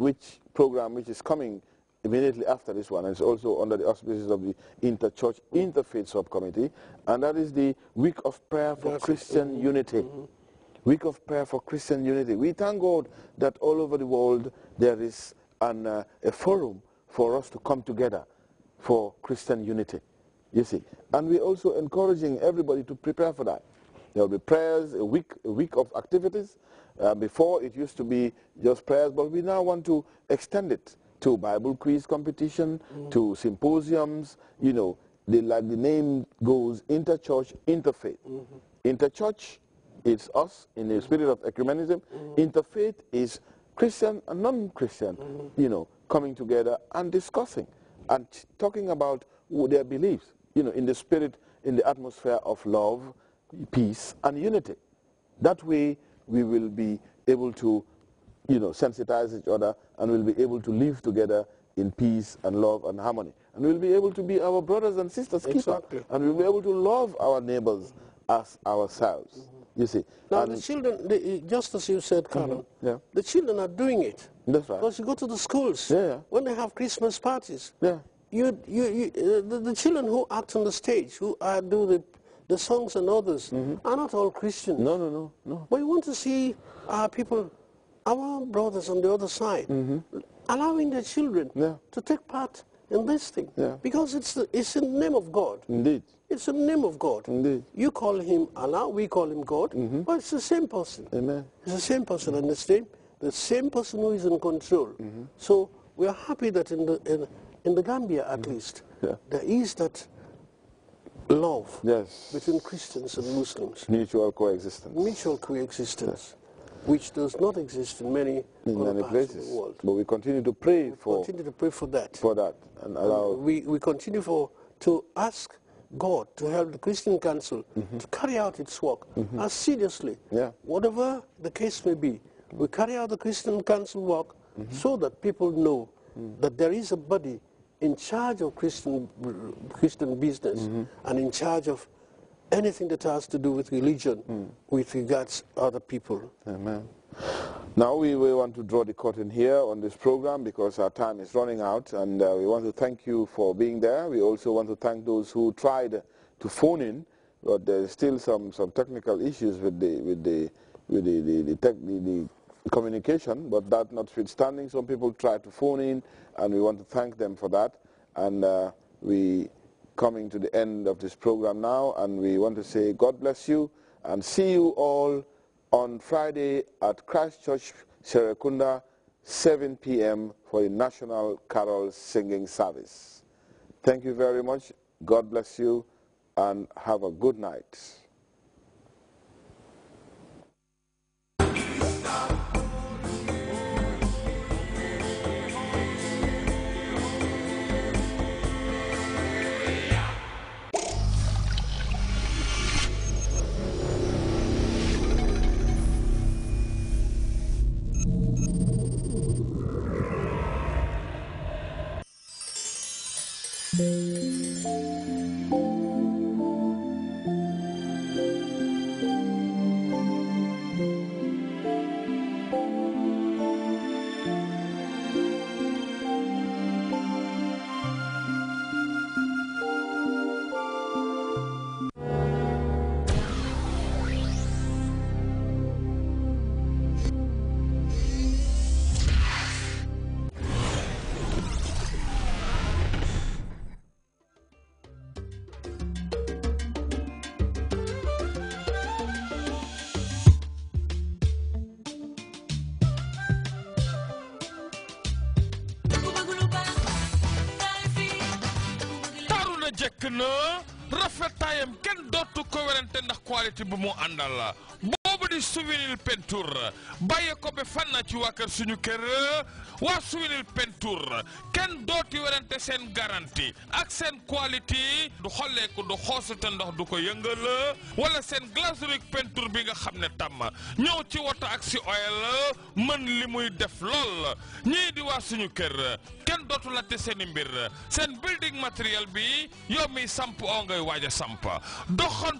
which program which is coming immediately after this one, and it's also under the auspices of the Interchurch mm-hmm. Interfaith Subcommittee, and that is the Week of Prayer for That's Christian mm-hmm. Unity. Mm -hmm. Week of Prayer for Christian Unity. We thank God that all over the world there is an, uh, a forum for us to come together for Christian unity, you see. And we're also encouraging everybody to prepare for that. There will be prayers, a week, a week of activities, uh, before it used to be just prayers, but we now want to extend it to Bible quiz competition, mm. to symposiums, you know, the, like the name goes, interchurch, interfaith. Mm -hmm. Interchurch is us in the mm-hmm. spirit of ecumenism. Mm -hmm. Interfaith is Christian and non-Christian, mm -hmm. you know, coming together and discussing and talking about their beliefs, you know, in the spirit, in the atmosphere of love, peace, and unity. That way, we will be able to, you know, sensitize each other and we'll be able to live together in peace and love and harmony. And we'll be able to be our brothers and sisters exactly. And we'll be able to love our neighbors as ourselves, mm -hmm. you see. Now and the children, just as you said, Carlo, mm -hmm. yeah. the children are doing it. That's right. Because you go to the schools, yeah, yeah. when they have Christmas parties, yeah. you, you, you uh, the, the, children who act on the stage, who uh, do the the songs and others mm -hmm. are not all Christian. No, no, no, no. But we want to see our people, our brothers on the other side, mm -hmm. allowing their children yeah. to take part in this thing. Yeah. Because it's, the, it's in the name of God. Indeed. It's the name of God. Indeed. You call him Allah, we call him God, mm -hmm. but it's the same person. Amen. It's the same person, and the same, the same person who is in control. Mm-hmm. So we are happy that in the, in, in the Gambia, at mm-hmm. least, yeah. there is that love yes. between Christians and Muslims. Mutual coexistence. Mutual coexistence, yes. which does not exist in many, in many places. In the world. But we continue to pray we for. Continue to pray for that. For that, and allow. And we we continue for to ask God to help the Christian Council mm -hmm. to carry out its work mm -hmm. as seriously. Yeah. Whatever the case may be, we carry out the Christian Council work mm -hmm. so that people know mm. that there is a body in charge of Christian, Christian business mm -hmm. and in charge of anything that has to do with religion mm. with regards other people. Amen. Now we, we want to draw the curtain here on this program because our time is running out and uh, we want to thank you for being there. We also want to thank those who tried to phone in but there's still some, some technical issues with the, with the, with the, the, the, tech, the, the communication, but that notwithstanding, some people try to phone in, and we want to thank them for that. And uh, we coming to the end of this program now, and we want to say God bless you, and see you all on Friday at Christ Church, Serekunda, 7 p.m. for the National Carol Singing Service. Thank you very much. God bless you, and have a good night. thank you na rafetaayam kenn dootu ko werante ndax qualité bu mu àndal la Souvenir Peinture bàyyi ko be fan na ci waa kër suñu kër waa Souvenir Peinture kenn dooti werante seen garantie ak seen qualité du xolleeku du xoosute ndox du ko yëngal wala seen glasurique peinture bi nga xam ne tàmm ñëw ci woto ak si oil mën li muy def lool ñii di waa suñu kër kenn dootu la te mbir seen building matériel bi yow miy samp oo ngay waaja a samp doxoon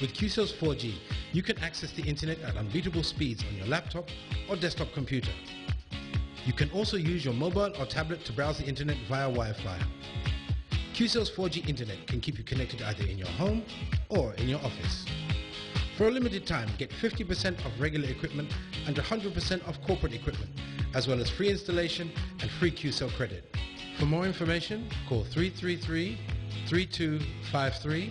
With QCell's 4G, you can access the internet at unbeatable speeds on your laptop or desktop computer. You can also use your mobile or tablet to browse the internet via Wi-Fi. QCell's 4G internet can keep you connected either in your home or in your office. For a limited time, get 50% off regular equipment and 100% off corporate equipment, as well as free installation and free QCell credit. For more information, call 333 3253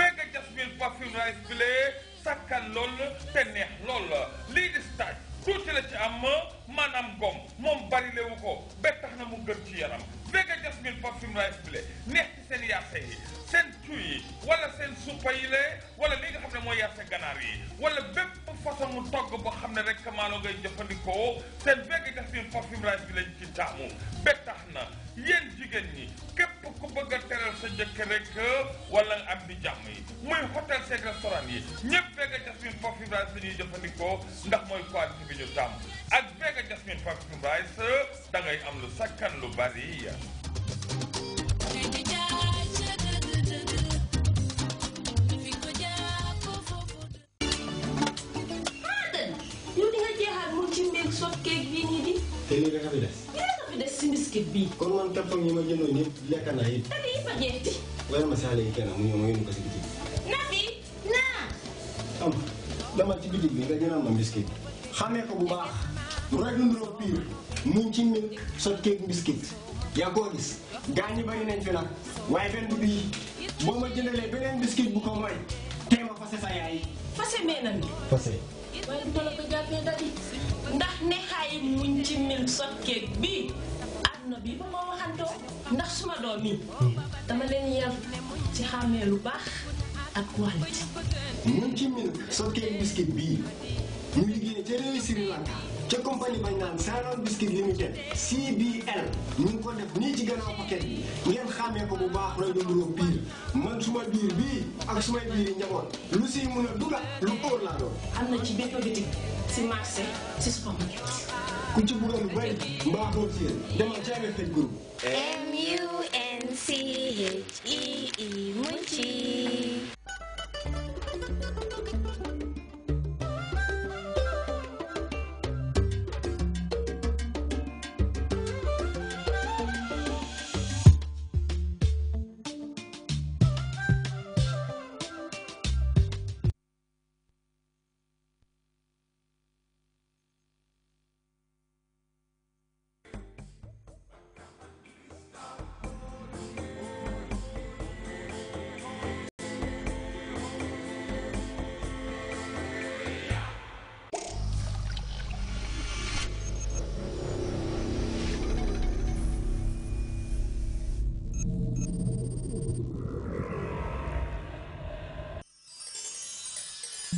xaalis bi lee sakkan lool te neex lool lii di stage tuuti la ci am maanaam gom moom bari lewu ko ba tax na mu gën ci yaram Vega Jasmine perfume rice bi lee neex ci seen yaasa yi seen cuy yi wala seen suppa yi lee wala li nga xam ne mooy yaasa ganaar yi wala bépp façon mu togg boo xam ne rek maalo ngay jëfandikoo seen Vega Jasmine perfume rice bi lañ ci taamu ba tax na yéen jigéen ku bëgg a teral sa jëkk rek wala nga am di jàmm yi muy hôtel seeg restaurant yi ñëpp bégg a jasmin parfum rice dañuy jëfandikoo ndax mooy qualité bi ñu tàmm ak bégg a jasmin parfum rice da ngay am lu sakkan lu bari biscuit bii. kon man carton yi ma jëndoon fa jeex kenn mu ñëw ma yónni ko si bitig. naa. am dama ci bitig bi nga jëndal ma biscuit. xamee ko bu baax. mu rek nduroo pire. mu ci milk sot cake biscuit. yaa koo gis. gaañ ñi bari nañ fi nag. waaye benn bii. boo ma jëndalee beneen biscuit bu ko mooy. tee ma fase sa yaay. fase meenam bi. fase. ndax ne xaay muñ ci milk sot cake bii. bi ba ma waxantoo ndax suma doon yi dama leen yar ci xàmmee lu baax ak qualité. mun ci mil soo kee biscuit bii mu liggéey ca réew Sri Lanka ca compagnie bañ naan Ceylon Biscuit Limited CBL ñu ngi ko def nii ci gannaaw paquet bi ngeen xàmmee ko bu baax la ñu mënoo biir man suma biir bii ak sumay biir yi njaboot lu siy mun a duga lu óor laa doon. am na ci bépp bitik si marché si ku ci bëggoon lu bëri mbaaxoo ci yéen demal ca MFH group. M C H E E Mucci.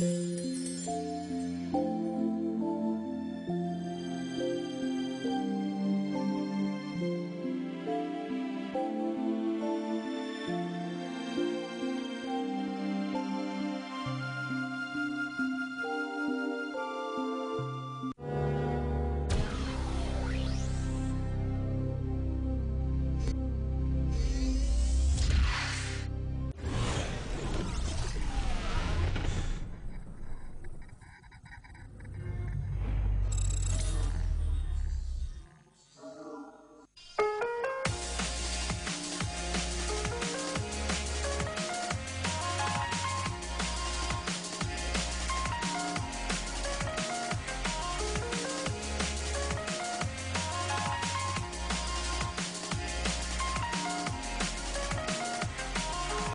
Thank you.